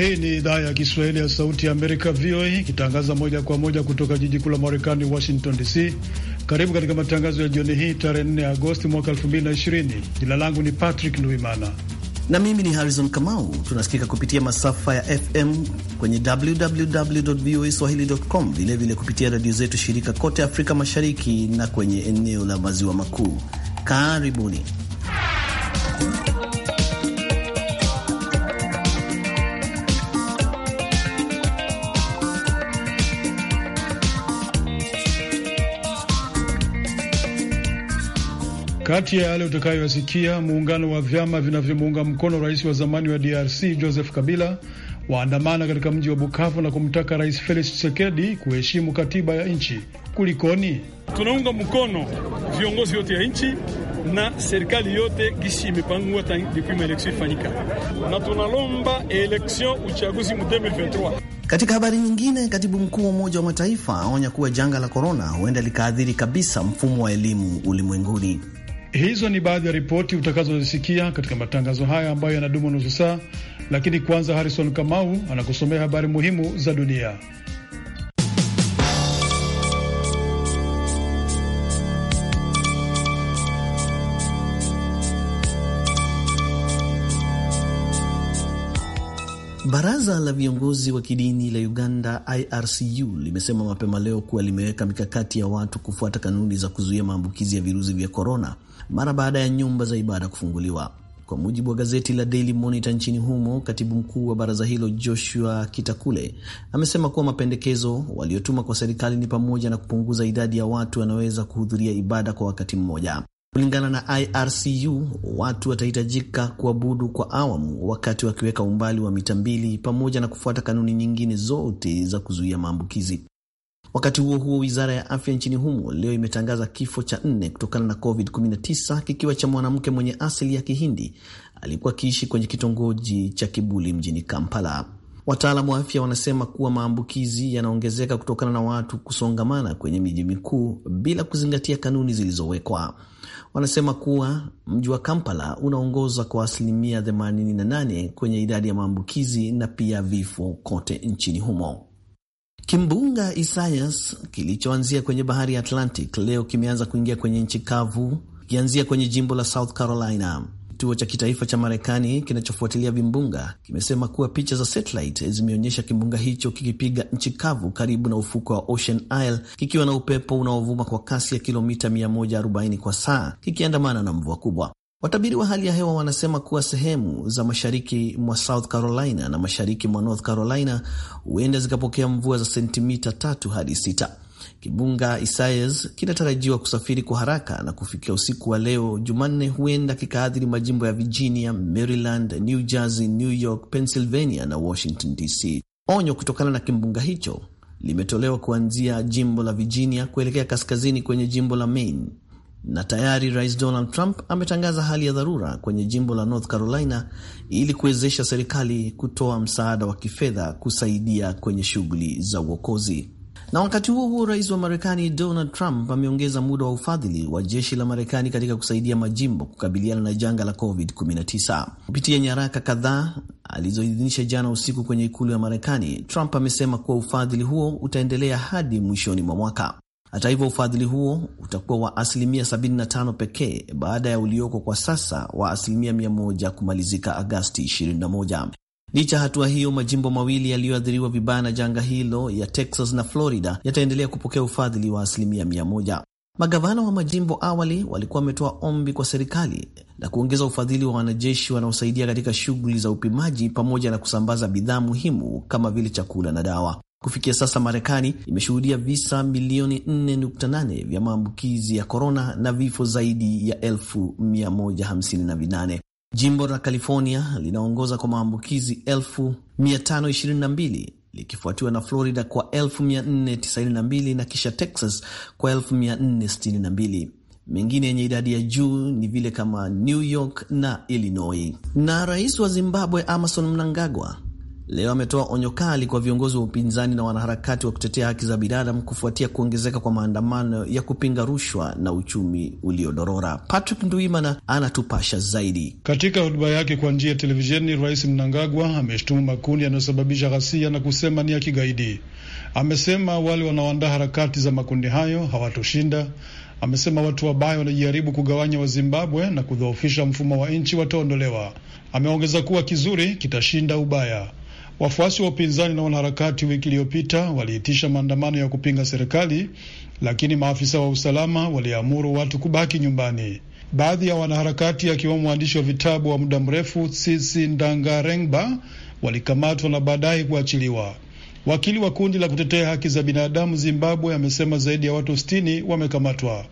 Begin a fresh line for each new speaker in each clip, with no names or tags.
Hii ni idhaa ya Kiswahili ya Sauti ya Amerika, VOA, ikitangaza moja kwa moja kutoka jiji kuu la Marekani, Washington DC. Karibu katika matangazo ya jioni hii tarehe 4 Agosti mwaka 2020. Jina langu ni Patrick Nduimana na mimi ni Harrison Kamau. Tunasikika kupitia masafa ya FM
kwenye www voa swahili.com, vilevile kupitia redio zetu shirika kote Afrika Mashariki na kwenye eneo la maziwa makuu. Karibuni
Kati ya yale utakayoyasikia, muungano wa vyama vinavyomuunga mkono rais wa zamani wa DRC Joseph Kabila waandamana katika mji wa Bukavu na kumtaka Rais Felix Tshisekedi kuheshimu katiba ya nchi. Kulikoni? Tunaunga mkono viongozi yote ya nchi na serikali yote gisi imepangwa depuis maeleksio ifanyika, na tunalomba eleksion uchaguzi mu 2023.
Katika habari nyingine, katibu mkuu wa Umoja wa Mataifa aonya kuwa janga la korona huenda likaadhiri kabisa mfumo wa elimu ulimwenguni.
Hizo ni baadhi ya ripoti utakazozisikia katika matangazo haya ambayo yanadumu nusu saa, lakini kwanza, Harrison Kamau anakusomea habari muhimu za dunia.
Baraza la viongozi wa kidini la Uganda IRCU limesema mapema leo kuwa limeweka mikakati ya watu kufuata kanuni za kuzuia maambukizi ya virusi vya korona mara baada ya nyumba za ibada kufunguliwa. Kwa mujibu wa gazeti la Daily Monitor nchini humo, katibu mkuu wa baraza hilo Joshua Kitakule amesema kuwa mapendekezo waliotuma kwa serikali ni pamoja na kupunguza idadi ya watu wanaweza kuhudhuria ibada kwa wakati mmoja. Kulingana na IRCU, watu watahitajika kuabudu kwa awamu wakati wakiweka umbali wa mita mbili pamoja na kufuata kanuni nyingine zote za kuzuia maambukizi. Wakati huo huo, wizara ya afya nchini humo leo imetangaza kifo cha nne kutokana na COVID-19 kikiwa cha mwanamke mwenye asili ya Kihindi alikuwa akiishi kwenye kitongoji cha Kibuli mjini Kampala. Wataalamu wa afya wanasema kuwa maambukizi yanaongezeka kutokana na watu kusongamana kwenye miji mikuu bila kuzingatia kanuni zilizowekwa wanasema kuwa mji wa Kampala unaongoza kwa asilimia 88 kwenye idadi ya maambukizi na pia vifo kote nchini humo. Kimbunga Isaias kilichoanzia kwenye bahari ya Atlantic leo kimeanza kuingia kwenye nchi kavu, kianzia kwenye jimbo la South Carolina. Kituo cha kitaifa cha Marekani kinachofuatilia vimbunga kimesema kuwa picha za satellite zimeonyesha kimbunga hicho kikipiga nchi kavu karibu na ufuko wa Ocean Isle kikiwa na upepo unaovuma kwa kasi ya kilomita 140 kwa saa kikiandamana na mvua kubwa. Watabiri wa hali ya hewa wanasema kuwa sehemu za mashariki mwa South Carolina na mashariki mwa North Carolina huenda zikapokea mvua za sentimita tatu hadi sita. Kibunga Isaias kinatarajiwa kusafiri kwa haraka na kufikia usiku wa leo Jumanne, huenda kikaathiri majimbo ya Virginia, Maryland, New Jersey, New York, Pennsylvania na Washington DC. Onyo kutokana na kimbunga hicho limetolewa kuanzia jimbo la Virginia kuelekea kaskazini kwenye jimbo la Maine, na tayari Rais Donald Trump ametangaza hali ya dharura kwenye jimbo la North Carolina ili kuwezesha serikali kutoa msaada wa kifedha kusaidia kwenye shughuli za uokozi. Na wakati huo huo, rais wa Marekani Donald Trump ameongeza muda wa ufadhili wa jeshi la Marekani katika kusaidia majimbo kukabiliana na janga la COVID-19. Kupitia nyaraka kadhaa alizoidhinisha jana usiku kwenye ikulu ya Marekani, Trump amesema kuwa ufadhili huo utaendelea hadi mwishoni mwa mwaka. Hata hivyo, ufadhili huo utakuwa wa asilimia 75 pekee baada ya ulioko kwa sasa wa asilimia 100 kumalizika Agasti 21. Licha ya hatua hiyo, majimbo mawili yaliyoathiriwa vibaya na janga hilo ya Texas na Florida yataendelea kupokea ufadhili wa asilimia mia moja. Magavana wa majimbo awali walikuwa wametoa ombi kwa serikali la kuongeza ufadhili wa wanajeshi wanaosaidia katika shughuli za upimaji pamoja na kusambaza bidhaa muhimu kama vile chakula na dawa. Kufikia sasa Marekani imeshuhudia visa milioni 4.8 vya maambukizi ya korona na vifo zaidi ya elfu 158. Jimbo la California linaongoza kwa maambukizi 522 likifuatiwa na Florida kwa 492 na kisha Texas kwa 462. Mengine yenye idadi ya juu ni vile kama New York na Illinois. Na rais wa Zimbabwe Emmerson Mnangagwa leo ametoa onyo kali kwa viongozi wa upinzani na wanaharakati wa kutetea haki za binadamu kufuatia kuongezeka kwa maandamano ya kupinga rushwa na uchumi uliodorora. Patrick Nduimana anatupasha zaidi.
Katika hotuba yake kwa njia ya televisheni, Rais Mnangagwa ameshtumu makundi yanayosababisha ghasia na kusema ni ya kigaidi. Amesema wale wanaoandaa harakati za makundi hayo hawatoshinda. Amesema watu wabaya wanajaribu kugawanya Wazimbabwe na kudhoofisha mfumo wa nchi wataondolewa. Ameongeza kuwa kizuri kitashinda ubaya. Wafuasi wa upinzani na wanaharakati wiki iliyopita waliitisha maandamano ya kupinga serikali, lakini maafisa wa usalama waliamuru watu kubaki nyumbani. Baadhi ya wanaharakati akiwemo mwandishi wa vitabu wa muda mrefu Tsitsi Dangarengba walikamatwa na baadaye kuachiliwa. Wakili wa kundi la kutetea haki za binadamu Zimbabwe amesema zaidi ya watu 60 wamekamatwa.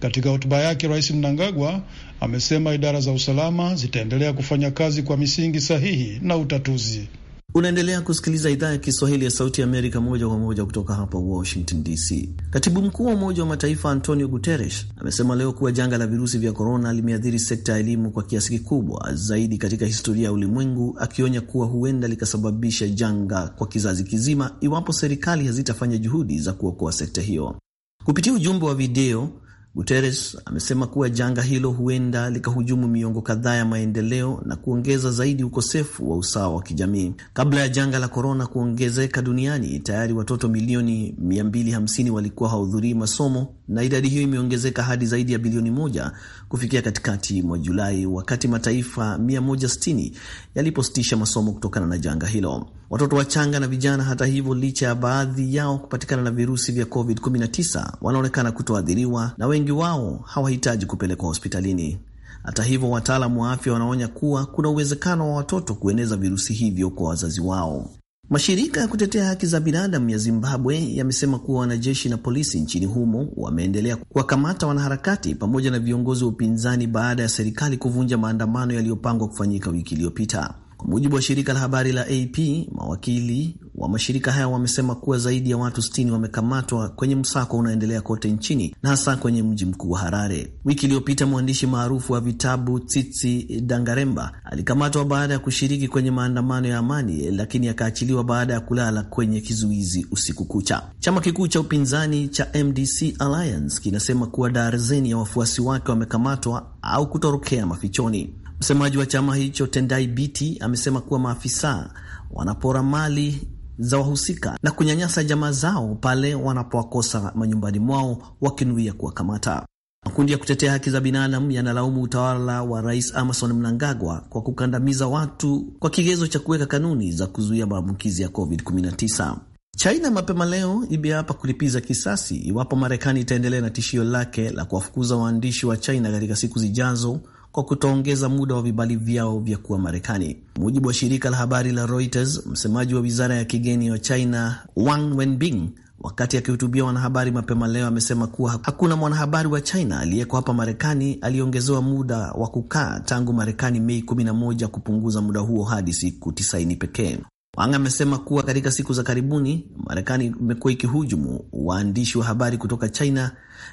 Katika hotuba yake, Rais Mnangagwa amesema idara za usalama zitaendelea kufanya kazi kwa misingi sahihi na utatuzi. Unaendelea kusikiliza idhaa ya
Kiswahili ya Sauti Amerika moja kwa moja kutoka hapa Washington DC. Katibu mkuu wa Umoja wa Mataifa Antonio Guterres amesema leo kuwa janga la virusi vya korona limeathiri sekta ya elimu kwa kiasi kikubwa zaidi katika historia ya ulimwengu, akionya kuwa huenda likasababisha janga kwa kizazi kizima iwapo serikali hazitafanya juhudi za kuokoa sekta hiyo. Kupitia ujumbe wa video Guterres amesema kuwa janga hilo huenda likahujumu miongo kadhaa ya maendeleo na kuongeza zaidi ukosefu wa usawa wa kijamii. Kabla ya janga la korona kuongezeka duniani, tayari watoto milioni 250 walikuwa hawahudhurii masomo na idadi hiyo imeongezeka hadi zaidi ya bilioni moja kufikia katikati mwa Julai, wakati mataifa 160 yalipositisha masomo kutokana na janga hilo. Watoto wachanga na vijana, hata hivyo, licha ya baadhi yao kupatikana na virusi vya COVID-19, wanaonekana kutoathiriwa na wengi wao hawahitaji kupelekwa hospitalini. Hata hivyo, wataalamu wa afya wanaonya kuwa kuna uwezekano wa watoto kueneza virusi hivyo kwa wazazi wao. Mashirika ya kutetea haki za binadamu ya Zimbabwe yamesema kuwa wanajeshi na polisi nchini humo wameendelea kuwakamata wanaharakati pamoja na viongozi wa upinzani baada ya serikali kuvunja maandamano yaliyopangwa kufanyika wiki iliyopita. Kwa mujibu wa shirika la habari la AP, mawakili wa mashirika haya wamesema kuwa zaidi ya watu 60 wamekamatwa kwenye msako unaendelea kote nchini na hasa kwenye mji mkuu wa Harare. Wiki iliyopita mwandishi maarufu wa vitabu Tsitsi Dangaremba alikamatwa baada ya kushiriki kwenye maandamano ya amani, lakini akaachiliwa baada ya kulala kwenye kizuizi usiku kucha. Chama kikuu cha upinzani cha MDC Alliance kinasema kuwa darzeni ya wafuasi wake wamekamatwa au kutorokea mafichoni. Msemaji wa chama hicho Tendai Biti amesema kuwa maafisa wanapora mali za wahusika na kunyanyasa jamaa zao pale wanapowakosa manyumbani mwao wakinuia kuwakamata. Makundi ya kutetea haki za binadamu yanalaumu utawala wa Rais Emmerson Mnangagwa kwa kukandamiza watu kwa kigezo cha kuweka kanuni za kuzuia maambukizi ya COVID-19. China mapema leo imeapa kulipiza kisasi iwapo Marekani itaendelea na tishio lake la kuwafukuza waandishi wa China katika siku zijazo kwa kutoongeza muda wa vibali vyao vya kuwa Marekani. Mujibu wa shirika la habari la Reuters, msemaji wa wizara ya kigeni wa China Wang Wenbing wakati akihutubia wanahabari mapema leo amesema kuwa hakuna mwanahabari wa China aliyeko hapa Marekani aliyeongezewa muda wa kukaa tangu Marekani Mei 11 kupunguza muda huo hadi siku 90 pekee. Wang amesema kuwa katika siku za karibuni Marekani imekuwa ikihujumu waandishi wa habari kutoka China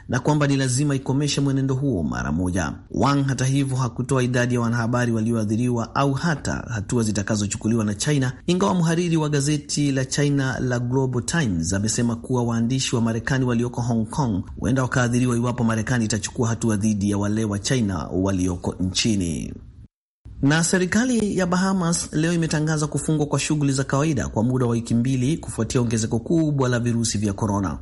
na kwamba ni lazima ikomeshe mwenendo huo mara moja. Wang hata hivyo hakutoa idadi ya wanahabari walioathiriwa au hata hatua zitakazochukuliwa na China, ingawa mhariri wa gazeti la China la Global Times amesema kuwa waandishi wa Marekani walioko Hong Kong huenda wakaathiriwa iwapo Marekani itachukua hatua dhidi ya wale wa China walioko nchini. Na serikali ya Bahamas leo imetangaza kufungwa kwa shughuli za kawaida kwa muda wa wiki mbili kufuatia ongezeko kubwa la virusi vya korona.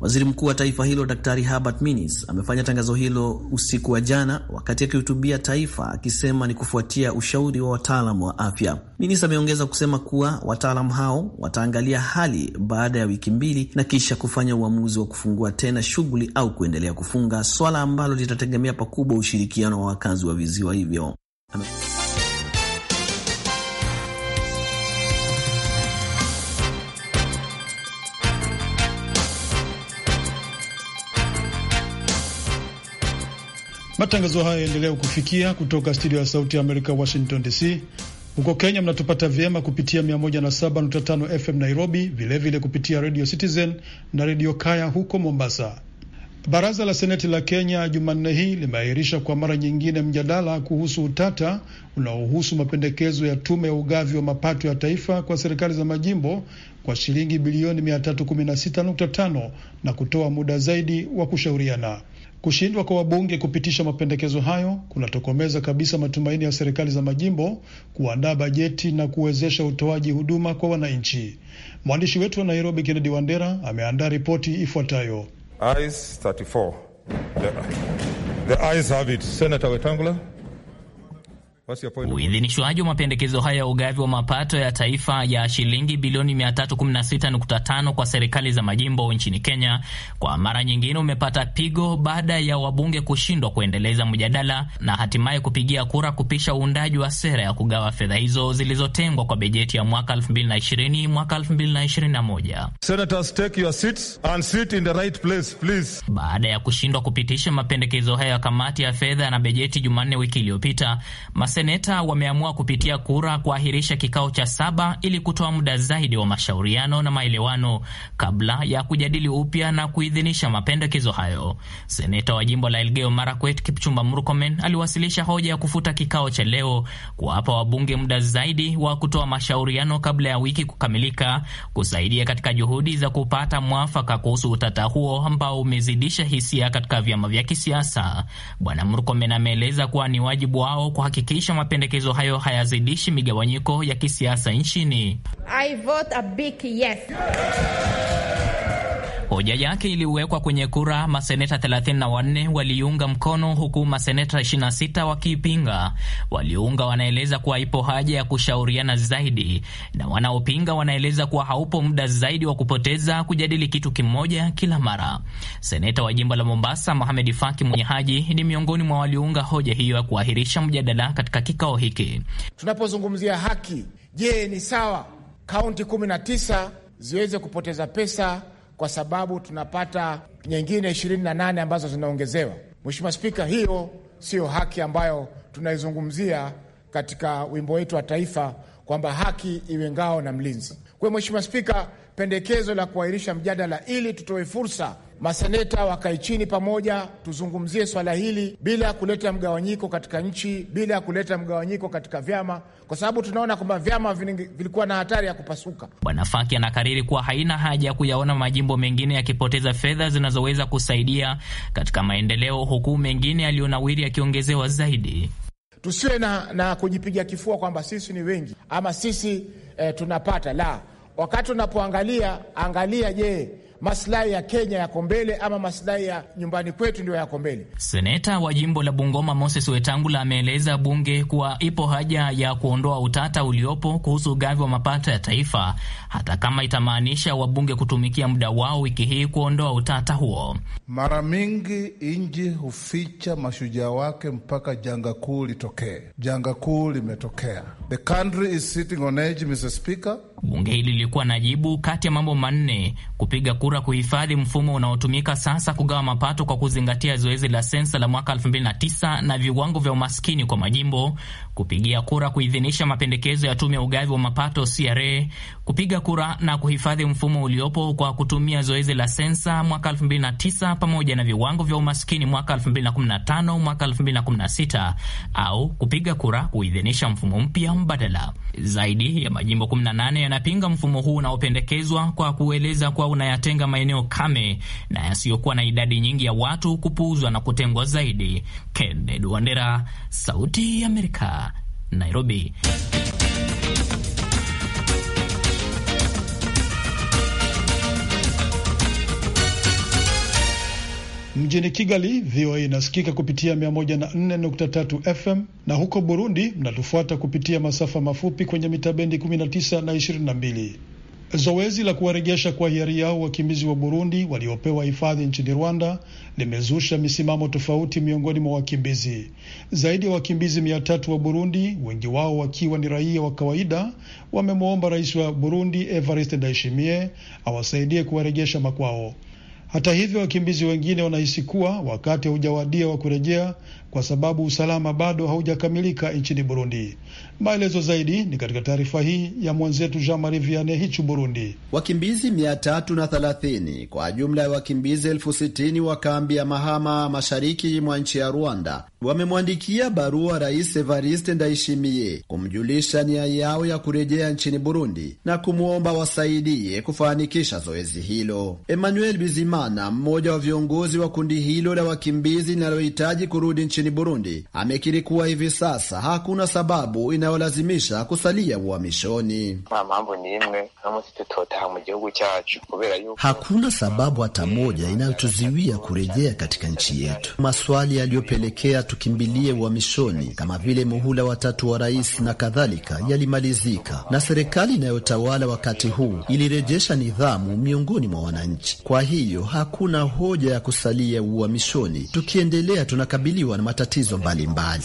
Waziri mkuu wa taifa hilo Daktari Herbert Minnis amefanya tangazo hilo usiku wa jana wakati akihutubia taifa akisema ni kufuatia ushauri wa wataalam wa afya. Minnis ameongeza kusema kuwa wataalam hao wataangalia hali baada ya wiki mbili na kisha kufanya uamuzi wa kufungua tena shughuli au kuendelea kufunga, swala ambalo litategemea pakubwa ushirikiano wa wakazi wa viziwa hivyo Amen.
Matangazo haya yaendelea kufikia kutoka studio ya Sauti ya Amerika, Washington DC. Huko Kenya mnatupata vyema kupitia 107.5 FM Nairobi, vilevile vile kupitia Radio Citizen na Radio Kaya huko Mombasa. Baraza la Seneti la Kenya Jumanne hii limeahirisha kwa mara nyingine mjadala kuhusu utata unaohusu mapendekezo ya tume ya ugavi wa mapato ya taifa kwa serikali za majimbo kwa shilingi bilioni 316.5 na kutoa muda zaidi wa kushauriana. Kushindwa kwa wabunge kupitisha mapendekezo hayo kunatokomeza kabisa matumaini ya serikali za majimbo kuandaa bajeti na kuwezesha utoaji huduma kwa wananchi. Mwandishi wetu wa Nairobi, Kennedy Wandera, ameandaa ripoti ifuatayo. The, the
Uidhinishwaji wa mapendekezo haya ya ugavi wa mapato ya taifa ya shilingi bilioni 316.5 kwa serikali za majimbo nchini Kenya kwa mara nyingine umepata pigo baada ya wabunge kushindwa kuendeleza mjadala na hatimaye kupigia kura kupisha uundaji wa sera ya kugawa fedha hizo zilizotengwa kwa bejeti ya mwaka 2020 mwaka 2021.
Senators take your seats and sit in the right place please. Baada ya kushindwa
kupitisha mapendekezo hayo ya kamati ya fedha na bejeti Jumanne wiki iliyopita Maseneta wameamua kupitia kura kuahirisha kikao cha saba ili kutoa muda zaidi wa mashauriano na maelewano kabla ya kujadili upya na kuidhinisha mapendekezo hayo. Seneta wa jimbo la Elgeyo Marakwet Kipchumba Murkomen aliwasilisha hoja ya kufuta kikao cha leo, kuwapa wabunge muda zaidi wa kutoa mashauriano kabla ya wiki kukamilika, kusaidia katika juhudi za kupata mwafaka kuhusu utata huo ambao umezidisha hisia katika vyama vya kisiasa. Bwana Murkomen ameeleza kuwa ni wajibu wao kuhakikisha kuhakikisha mapendekezo hayo hayazidishi migawanyiko ya kisiasa nchini.
I vote a big yes.
Hoja yake iliwekwa kwenye kura, maseneta 34 waliiunga mkono, huku maseneta 26 wakiipinga. waliunga wanaeleza kuwa ipo haja ya kushauriana zaidi, na wanaopinga wanaeleza kuwa haupo muda zaidi wa kupoteza kujadili kitu kimoja kila mara. Seneta wa jimbo la Mombasa Mohamed Faki mwenye Haji ni miongoni mwa waliunga hoja hiyo ya kuahirisha mjadala katika kikao hiki.
Tunapozungumzia haki, je, ni sawa kaunti 19 ziweze kupoteza pesa kwa sababu tunapata nyingine 28 ambazo zinaongezewa. Mheshimiwa Spika, hiyo siyo haki ambayo tunaizungumzia katika wimbo wetu wa taifa kwamba haki iwe ngao na mlinzi. Kwa hiyo Mheshimiwa Spika, pendekezo la kuahirisha mjadala ili tutoe fursa maseneta wakae chini pamoja, tuzungumzie swala hili bila ya kuleta mgawanyiko katika nchi, bila ya kuleta mgawanyiko katika vyama, kwa sababu tunaona kwamba vyama vilikuwa na hatari ya kupasuka.
Bwana Faki anakariri kuwa haina haja ya kuyaona majimbo mengine yakipoteza fedha zinazoweza kusaidia katika maendeleo, huku mengine yaliyonawiri yakiongezewa zaidi.
Tusiwe na, na kujipiga kifua kwamba sisi ni wengi ama sisi eh, tunapata la Wakati unapoangalia angalia, je, masilahi ya Kenya yako mbele ama masilahi ya nyumbani kwetu ndio yako mbele?
Seneta wa jimbo la Bungoma Moses Wetangula ameeleza bunge kuwa ipo haja ya kuondoa utata uliopo kuhusu ugavi wa mapato ya taifa, hata kama itamaanisha wabunge kutumikia muda wao wiki hii kuondoa utata huo.
Mara mingi nchi huficha mashujaa wake mpaka janga kuu litokee. Janga kuu limetokea. The country is sitting on edge, Mr. Speaker.
Bunge hili lilikuwa na jibu kati ya mambo manne: kupiga kura kuhifadhi mfumo unaotumika sasa kugawa mapato kwa kuzingatia zoezi la sensa la mwaka 2009 na viwango vya umaskini kwa majimbo, kupigia kura kuidhinisha mapendekezo ya tume ya ugavi wa mapato CRA, kupiga kura na kuhifadhi mfumo uliopo kwa kutumia zoezi la sensa mwaka 2009 pamoja na viwango vya umaskini mwaka 2015, mwaka 2016 au kupiga kura kuidhinisha mfumo mpya mbadala. Zaidi ya majimbo 18 yanapinga mfumo huu unaopendekezwa kwa kueleza kuwa unayatenga maeneo kame na yasiyokuwa na idadi nyingi ya watu kupuuzwa na kutengwa zaidi. Kennedy Wandera, Sauti ya Amerika, Nairobi.
Mjini Kigali, VOA inasikika kupitia 104.3 FM na huko Burundi mnatufuata kupitia masafa mafupi kwenye mitabendi 19 na 22. Zoezi la kuwarejesha kwa hiari yao wakimbizi wa Burundi waliopewa hifadhi nchini Rwanda limezusha misimamo tofauti miongoni mwa wakimbizi. Zaidi ya wakimbizi 300 wa Burundi, wengi wao wakiwa ni raia wa kawaida, wamemwomba rais wa Burundi Evariste Ndayishimiye awasaidie kuwarejesha makwao. Hata hivyo, wakimbizi wengine wanahisi kuwa wakati haujawadia wa kurejea kwa sababu usalama bado haujakamilika nchini Burundi. Maelezo zaidi ni katika taarifa hii ya mwenzetu Jean Marie Viane hichu Burundi.
Wakimbizi mia tatu na thelathini kwa jumla ya wakimbizi elfu sitini wa kambi ya Mahama mashariki mwa nchi ya Rwanda wamemwandikia barua Rais Evariste Ndayishimiye kumjulisha nia yao ya kurejea nchini Burundi na kumwomba wasaidie kufanikisha zoezi hilo. Emmanuel Bizimana, mmoja wa viongozi wa kundi hilo la wakimbizi linalohitaji kurudi nchini nchini Burundi amekiri kuwa hivi sasa hakuna sababu inayolazimisha kusalia uhamishoni. Hakuna sababu hata moja inayotuziwia kurejea katika nchi yetu. Maswali yaliyopelekea tukimbilie uhamishoni kama vile muhula watatu wa rais na kadhalika yalimalizika, na serikali inayotawala wakati huu ilirejesha nidhamu miongoni mwa wananchi. Kwa hiyo hakuna hoja ya kusalia uhamishoni. Tukiendelea tunakabiliwa na matatizo mbalimbali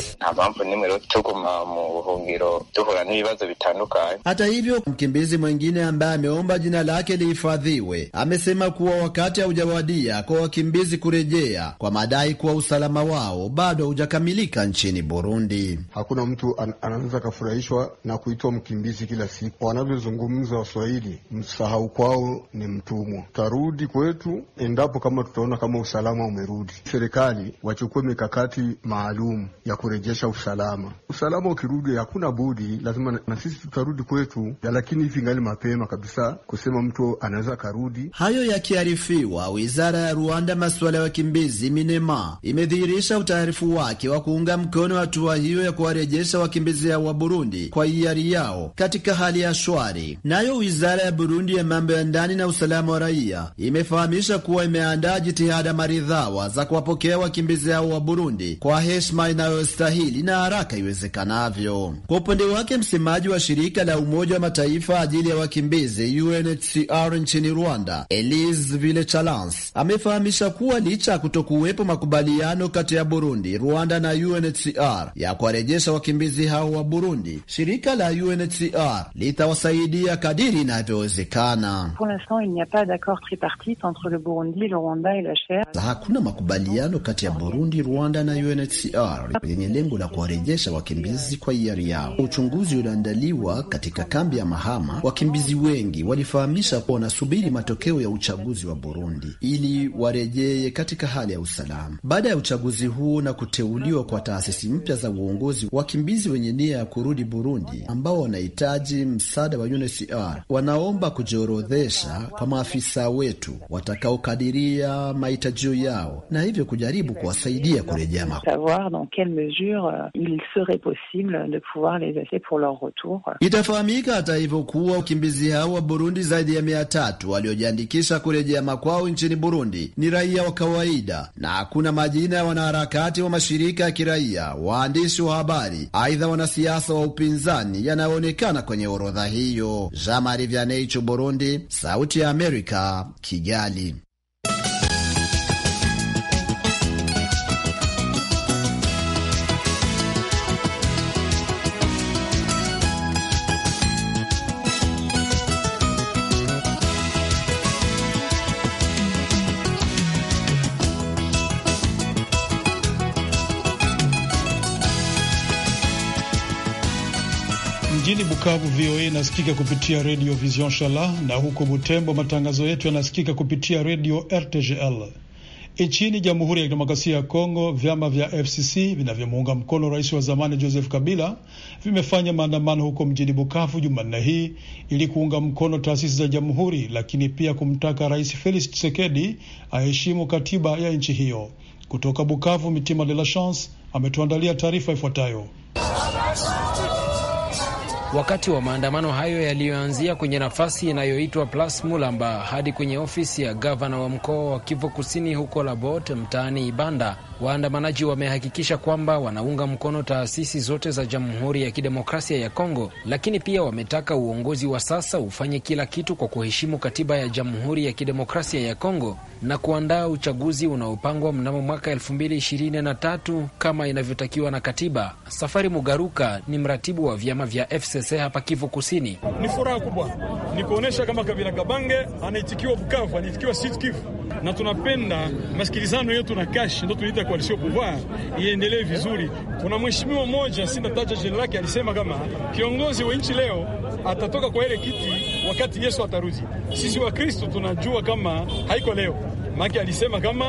Hata hivyo mkimbizi mwingine ambaye ameomba jina lake lihifadhiwe amesema kuwa wakati haujawadia kwa wakimbizi kurejea kwa madai kuwa usalama wao bado haujakamilika nchini Burundi. Hakuna mtu an anaweza
akafurahishwa na kuitwa mkimbizi kila siku. Wanavyozungumza Waswahili, msahau kwao ni mtumwa. Tutarudi kwetu endapo kama tutaona kama usalama umerudi.
Serikali wachukue mikakati maalum ya kurejesha usalama. Usalama ukirudi, hakuna budi, lazima na sisi tutarudi kwetu, lakini hivi ngali mapema kabisa kusema mtu anaweza karudi. Hayo yakiarifiwa, wizara ya Rwanda masuala ya wakimbizi Minema imedhihirisha utaarifu wake wa kuunga mkono hatua hiyo ya kuwarejesha wakimbizi hao wa Burundi kwa hiari yao katika hali ya shwari. Nayo wizara ya Burundi ya mambo ya ndani na usalama wa raia imefahamisha kuwa imeandaa jitihada maridhawa za kuwapokea wakimbizi hao wa Burundi kwa heshima inayostahili na haraka iwezekanavyo. Kwa upande wake, msemaji wa shirika la Umoja wa Mataifa ajili ya wakimbizi UNHCR nchini Rwanda, Elise Chalans, amefahamisha kuwa licha ya kutokuwepo makubaliano kati ya Burundi, Rwanda na UNHCR ya kuwarejesha wakimbizi hao wa Burundi, shirika la UNHCR litawasaidia kadiri inavyowezekana. Hakuna makubaliano kati ya Burundi, Rwanda na UNHCR. UNHCR yenye lengo la kuwarejesha wakimbizi kwa hiari yao. Uchunguzi ulioandaliwa katika kambi ya Mahama, wakimbizi wengi walifahamisha kuwa wanasubiri matokeo ya uchaguzi wa Burundi ili warejee katika hali ya usalama. Baada ya uchaguzi huo na kuteuliwa kwa taasisi mpya za uongozi, wakimbizi wenye nia ya kurudi Burundi ambao wanahitaji msaada wa UNHCR wanaomba kujiorodhesha kwa maafisa wetu watakaokadiria mahitajio yao na hivyo kujaribu kuwasaidia kurejea savoir dans quelle mesure euh, il serait possible de pouvoir les aider pour leur retour. Itafahamika hata hivyo kuwa wakimbizi hao wa Burundi zaidi ya mia tatu waliojiandikisha kurejea makwao nchini Burundi ni raia wa kawaida na hakuna majina ya wanaharakati wa mashirika ya kiraia, waandishi wa habari, aidha wanasiasa wa upinzani yanayoonekana kwenye orodha hiyo. Jamari Marie Burundi, Sauti ya Amerika, Kigali.
Bukavu VOA inasikika kupitia redio Vision Shala na huko Butembo matangazo yetu yanasikika kupitia redio RTGL. Nchini Jamhuri ya Kidemokrasia ya Kongo, vyama vya FCC vinavyomuunga mkono rais wa zamani Joseph Kabila vimefanya maandamano huko mjini Bukavu Jumanne hii ili kuunga mkono taasisi za jamhuri, lakini pia kumtaka Rais Felix Tshisekedi aheshimu katiba ya nchi hiyo. Kutoka Bukavu, Mitima de la Chance ametuandalia taarifa ifuatayo
wakati wa maandamano hayo yaliyoanzia kwenye nafasi inayoitwa plas Mulamba hadi kwenye ofisi ya gavana wa mkoa wa Kivu Kusini huko Labot mtaani Ibanda Waandamanaji wamehakikisha kwamba wanaunga mkono taasisi zote za Jamhuri ya Kidemokrasia ya Kongo, lakini pia wametaka uongozi wa sasa ufanye kila kitu kwa kuheshimu katiba ya Jamhuri ya Kidemokrasia ya Kongo na kuandaa uchaguzi unaopangwa mnamo mwaka 2023 kama inavyotakiwa na katiba. Safari Mugaruka ni mratibu
wa vyama vya
FCC hapa Kivu Kusini.
Ni furaha kubwa, ni kuonyesha kama Kabila Kabange anaitikiwa Bukavu, anaitikiwa Sud Kivu, na tunapenda masikilizano yetu na kashi ndo tunaita koalisio pouvoir iendelee vizuri. Kuna mheshimiwa mmoja sinataja jina lake, alisema kama kiongozi wa nchi leo atatoka kwa ile kiti wakati Yesu atarudi. Sisi wa Kristo tunajua kama haiko leo Maki alisema kama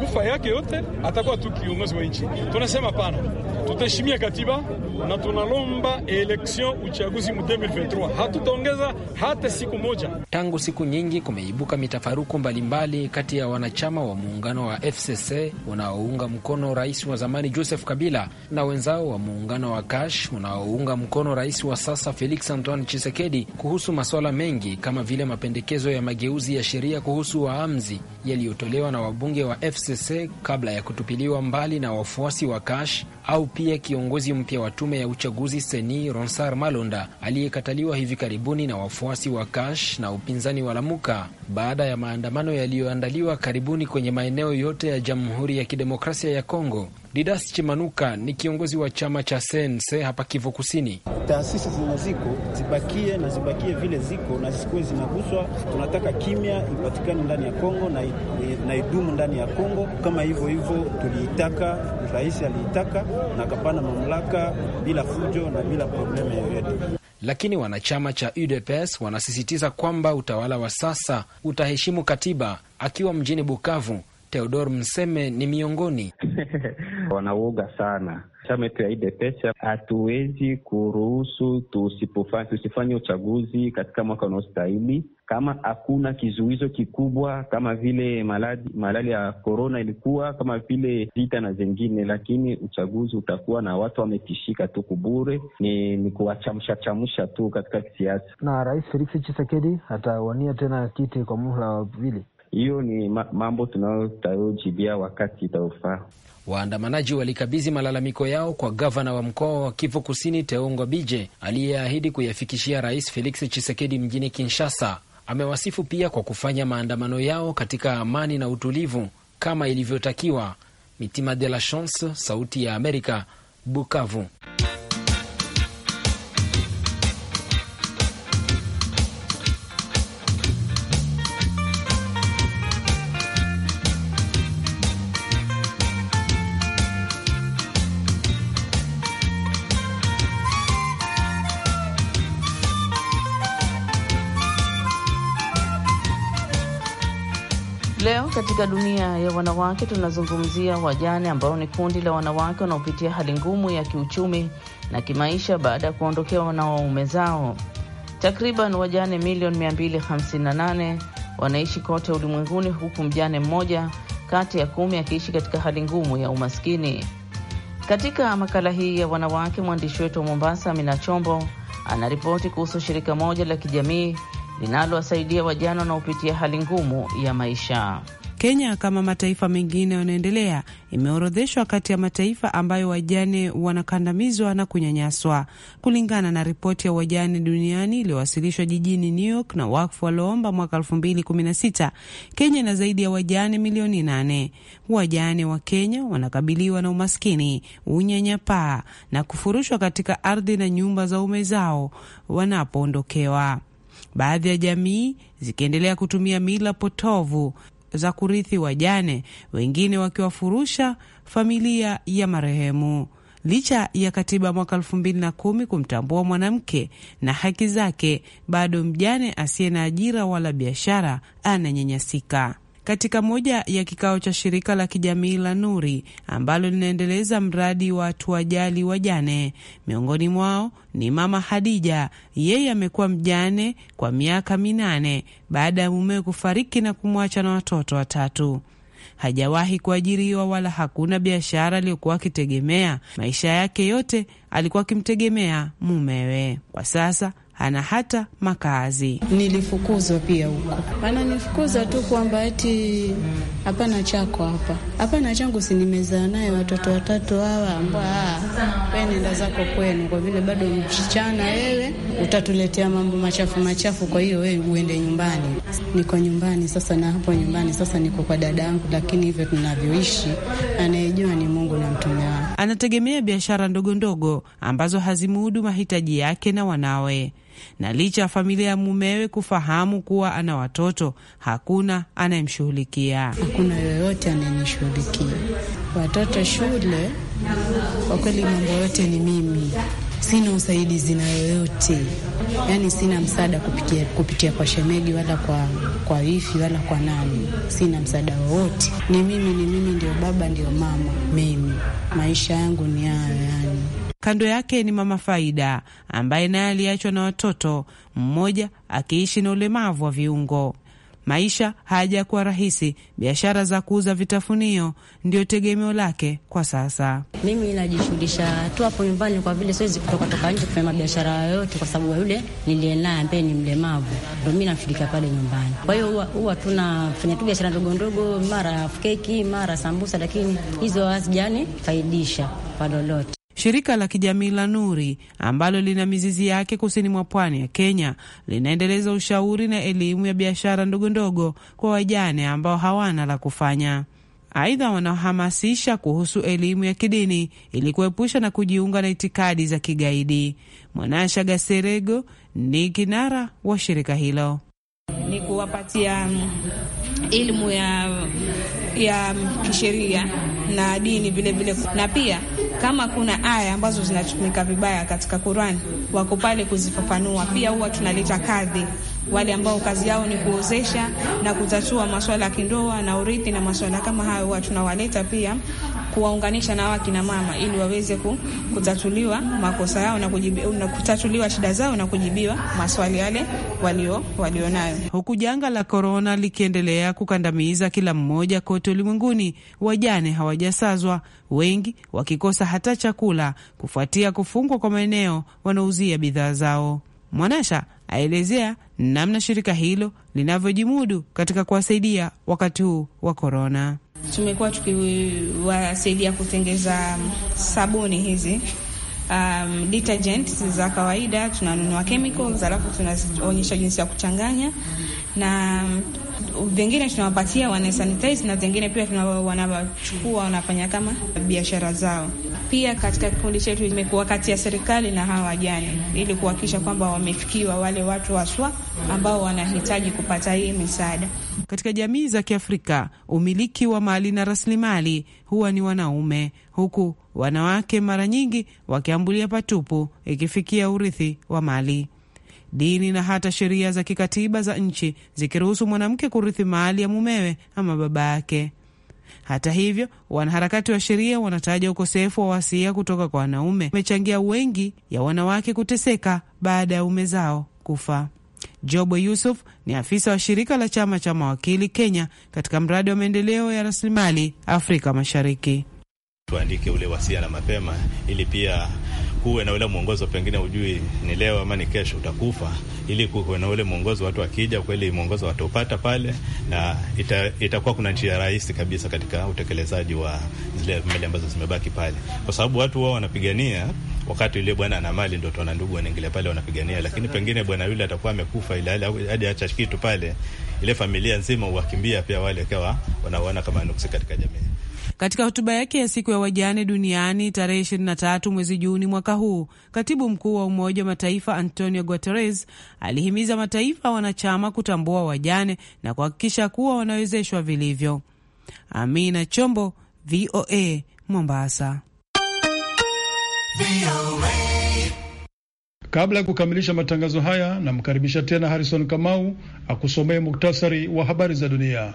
kufa yake yote atakuwa tu kiongozi wa nchi. Tunasema pana, tutaheshimia katiba na tunalomba eleksion uchaguzi mu 2023 hatutaongeza hata siku moja.
Tangu siku nyingi kumeibuka mitafaruku mbalimbali kati ya wanachama wa muungano wa FCC unaounga mkono rais wa zamani Joseph Kabila na wenzao wa muungano wa Kash unaounga mkono rais wa sasa Felix Antoine chisekedi kuhusu masuala mengi kama vile mapendekezo ya mageuzi ya sheria kuhusu waamzi ya yaliyotolewa na wabunge wa FCC kabla ya kutupiliwa mbali na wafuasi wa Kash au pia kiongozi mpya wa tume ya uchaguzi Seni Ronsar Malonda aliyekataliwa hivi karibuni na wafuasi wa Kash na upinzani wa Lamuka baada ya maandamano yaliyoandaliwa karibuni kwenye maeneo yote ya Jamhuri ya Kidemokrasia ya Kongo. Didas Chimanuka ni kiongozi wa chama cha Sense hapa Kivu Kusini.
Taasisi zenye ziko zibakie na zibakie vile ziko na zisikuwe zinaguswa. Tunataka kimya ipatikane ndani ya Kongo na, na idumu ndani ya Kongo kama hivyo hivyo tuliitaka, rais aliitaka na akapana mamlaka bila fujo na bila problemu yoyote.
Lakini wanachama cha UDPS wanasisitiza kwamba utawala wa sasa utaheshimu katiba. Akiwa mjini Bukavu, teodor Mseme ni miongoni
wanauoga sana. Chama yetu ya UDPS hatuwezi kuruhusu tusipofanya, tusifanye uchaguzi katika mwaka unaostahili kama hakuna kizuizo kikubwa kama vile maladi, malali ya korona ilikuwa kama vile vita na zingine lakini uchaguzi utakuwa na watu wametishika tu kubure, ni, ni kuwachamsha chamsha tu katika kisiasa.
Na Rais Felix Chisekedi atawania tena
kiti kwa muhula wa pili. Hiyo ni mambo tunayotayojibia wakati itaofaa.
Waandamanaji walikabidhi malalamiko yao kwa gavana wa mkoa wa Kivu Kusini, Teo bije aliyeahidi kuyafikishia Rais Felix Tshisekedi mjini Kinshasa. Amewasifu pia kwa kufanya maandamano yao katika amani na utulivu kama ilivyotakiwa. Mitima de la Chance, Sauti ya Amerika, Bukavu.
Katika dunia ya wanawake, tunazungumzia wajane ambao ni kundi la wanawake wanaopitia hali ngumu ya kiuchumi na kimaisha baada ya kuondokewa na waume zao. Takriban wajane milioni 258 wanaishi kote ulimwenguni, huku mjane mmoja kati ya kumi akiishi katika hali ngumu ya umaskini. Katika makala hii ya wanawake, mwandishi wetu wa Mombasa, Amina Chombo, anaripoti kuhusu shirika moja la kijamii linalowasaidia wajana wanaopitia hali ngumu
ya maisha. Kenya kama mataifa mengine yanaendelea, imeorodheshwa kati ya mataifa ambayo wajane wanakandamizwa na kunyanyaswa, kulingana na ripoti ya wajane duniani iliyowasilishwa jijini New York na wakfu walioomba mwaka 2016. Kenya ina zaidi ya wajane milioni nane. Wajane wa Kenya wanakabiliwa na umaskini, unyanyapaa na kufurushwa katika ardhi na nyumba za ume zao wanapoondokewa, baadhi ya jamii zikiendelea kutumia mila potovu za kurithi wajane, wengine wakiwafurusha familia ya marehemu. Licha ya katiba mwaka elfu mbili na kumi kumtambua mwanamke na haki zake, bado mjane asiye na ajira wala biashara ananyanyasika katika moja ya kikao cha shirika la kijamii la Nuri ambalo linaendeleza mradi wa tuwajali wajane. Miongoni mwao ni Mama Hadija. Yeye amekuwa mjane kwa miaka minane baada ya mumewe kufariki na kumwacha na watoto watatu. Hajawahi kuajiriwa wala hakuna biashara aliyokuwa akitegemea. Maisha yake yote alikuwa akimtegemea mumewe. Kwa sasa ana hata makazi. Nilifukuzwa pia huko,
wananifukuza tu kwamba eti hapana chako hapa, hapana changu, si nimezaa naye watoto watatu hawa, ambaa ah, we nenda zako kwenu, kwa vile bado msichana wewe, utatuletea mambo machafu machafu, kwa hiyo wewe uende nyumbani. Niko nyumbani sasa, na hapo nyumbani sasa niko kwa dada yangu, lakini hivyo tunavyoishi, anayejua ni Mungu na mtume
wake. Anategemea biashara ndogo ndogo ambazo hazimudu mahitaji yake na wanawe na licha ya familia ya mumewe kufahamu kuwa ana watoto, hakuna anayemshughulikia.
Hakuna yoyote anayenishughulikia watoto shule. Kwa kweli mambo yote ni mimi, sina usaidizi na yoyote, yaani sina msaada kupitia, kupitia kwa shemegi wala kwa, kwa wifi wala kwa nani, sina msaada wowote. Ni mimi, ni mimi, ndio baba ndio mama, mimi maisha yangu ni hayo yani.
Kando yake ni mama Faida ambaye naye aliachwa na watoto, mmoja akiishi na ulemavu wa viungo. Maisha hayajakuwa rahisi. Biashara za kuuza vitafunio ndio tegemeo
lake kwa sasa. Mimi najishughulisha tu hapo nyumbani, kwa vile siwezi kutoka toka nje kufanya mabiashara yoyote, kwa sababu yule niliye naye ambaye ni mlemavu ndo mi namshughulikia pale nyumbani. Kwa hiyo huwa tunafanya tu biashara ndogo ndogo, mara keki, mara sambusa, lakini hizo hazijani faidisha
kwa lolote. Shirika la kijamii la Nuri ambalo lina mizizi yake kusini mwa pwani ya Kenya linaendeleza ushauri na elimu ya biashara ndogondogo kwa wajane ambao hawana la kufanya. Aidha, wanahamasisha kuhusu elimu ya kidini ili kuepusha na kujiunga na itikadi za kigaidi. Mwanasha Gaserego ni kinara wa shirika hilo.
Ni kuwapatia elimu mm, ya, ya kisheria na dini vilevile na pia kama kuna aya ambazo zinatumika vibaya katika Qur'an, wako pale kuzifafanua. Pia huwa tunaleta kadhi wale ambao kazi yao ni kuozesha na kutatua maswala ya kindoa na urithi na maswala kama hayo, huwa tunawaleta pia kuwaunganisha na wakina mama ili waweze kutatuliwa makosa yao na, kujibiwa, na kutatuliwa shida zao na kujibiwa maswali yale walio walionayo. Huku janga la
korona likiendelea kukandamiza kila mmoja kote ulimwenguni, wajane hawajasazwa, wengi wakikosa hata chakula kufuatia kufungwa kwa maeneo wanauzia bidhaa zao. Mwanasha aelezea namna shirika hilo linavyojimudu katika kuwasaidia wakati huu wa korona.
Tumekuwa tukiwasaidia kutengeza sabuni hizi Um, detergent za kawaida tunanunua chemicals, alafu tunaonyesha jinsi ya kuchanganya na vingine tunawapatia wanasanitize na vingine pia wanawachukua wanafanya kama biashara zao. Pia katika kikundi chetu imekuwa kati ya serikali na hawa wajane, ili kuhakikisha kwamba wamefikiwa wale watu waswa ambao wanahitaji kupata hii misaada.
Katika jamii za Kiafrika, umiliki wa mali na rasilimali huwa ni wanaume, huku wanawake mara nyingi wakiambulia patupu ikifikia urithi wa mali dini na hata sheria za kikatiba za nchi zikiruhusu mwanamke kurithi mali ya mumewe ama baba yake. Hata hivyo, wanaharakati wa sheria wanataja ukosefu wa wasia kutoka kwa wanaume umechangia wengi ya wanawake kuteseka baada ya ume zao kufa. Jobwe Yusuf ni afisa wa shirika la chama cha mawakili Kenya katika mradi wa maendeleo ya rasilimali Afrika Mashariki
tuandike ule wasia na mapema, ili pia kuwe na ule mwongozo. Pengine ujui ni leo ama ni kesho utakufa, ili kuwe na ule mwongozo. Watu wakija kweli mwongozo wataupata pale, na ita, itakuwa kuna njia rahisi kabisa katika utekelezaji wa zile mali ambazo zimebaki pale, kwa sababu watu wao wanapigania wakati yule bwana ana mali ndo tuna ndugu wanaingilia pale wanapigania, lakini pengine bwana yule atakuwa amekufa, ila hadi acha kitu pale, ile familia nzima uwakimbia pia wale wakawa wanaona kama nuksi katika jamii.
Katika hotuba yake ya siku ya wajane duniani tarehe 23 mwezi Juni mwaka huu, katibu mkuu wa Umoja wa Mataifa Antonio Guterres alihimiza mataifa wanachama kutambua wajane na kuhakikisha kuwa wanawezeshwa vilivyo. Amina Chombo, VOA Mombasa.
Kabla ya kukamilisha matangazo haya, namkaribisha tena Harrison Kamau akusomee muktasari wa habari za dunia.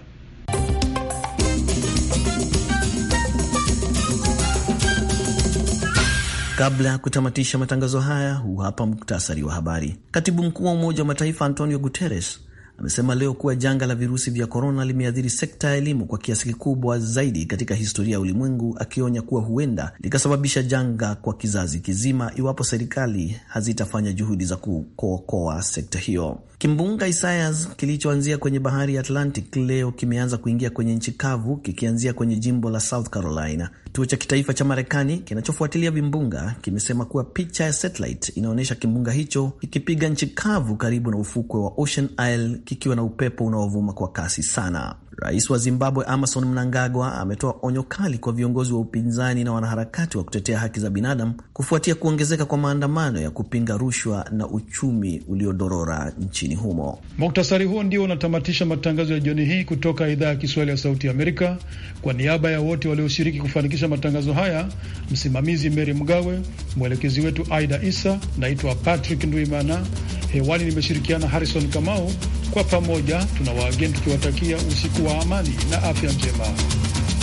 Kabla ya kutamatisha matangazo haya, huu hapa muktasari wa habari. Katibu mkuu wa Umoja wa Mataifa Antonio Guterres amesema leo kuwa janga la virusi vya korona limeathiri sekta ya elimu kwa kiasi kikubwa zaidi katika historia ya ulimwengu, akionya kuwa huenda likasababisha janga kwa kizazi kizima iwapo serikali hazitafanya juhudi za kuokoa sekta hiyo. Kimbunga Isaias kilichoanzia kwenye bahari ya Atlantic leo kimeanza kuingia kwenye nchi kavu kikianzia kwenye jimbo la South Carolina. Kituo cha kitaifa cha Marekani kinachofuatilia vimbunga kimesema kuwa picha ya satellite inaonyesha kimbunga hicho ikipiga nchi kavu karibu na ufukwe wa Ocean Isle kikiwa na upepo unaovuma kwa kasi sana. Rais wa Zimbabwe Emmerson Mnangagwa ametoa onyo kali kwa viongozi wa upinzani na wanaharakati wa kutetea haki za binadamu kufuatia kuongezeka kwa maandamano ya kupinga rushwa na uchumi uliodorora nchini humo.
Muktasari huo ndio unatamatisha matangazo ya jioni hii kutoka idhaa ya Kiswahili ya Sauti Amerika. Kwa niaba ya wote walioshiriki kufanikisha matangazo haya, msimamizi mery Mgawe, mwelekezi wetu Aida Isa, naitwa Patrick nduimana hewani nimeshirikiana Harrison Kamau. Kwa pamoja tuna waageni tukiwatakia usiku wa amani na afya njema.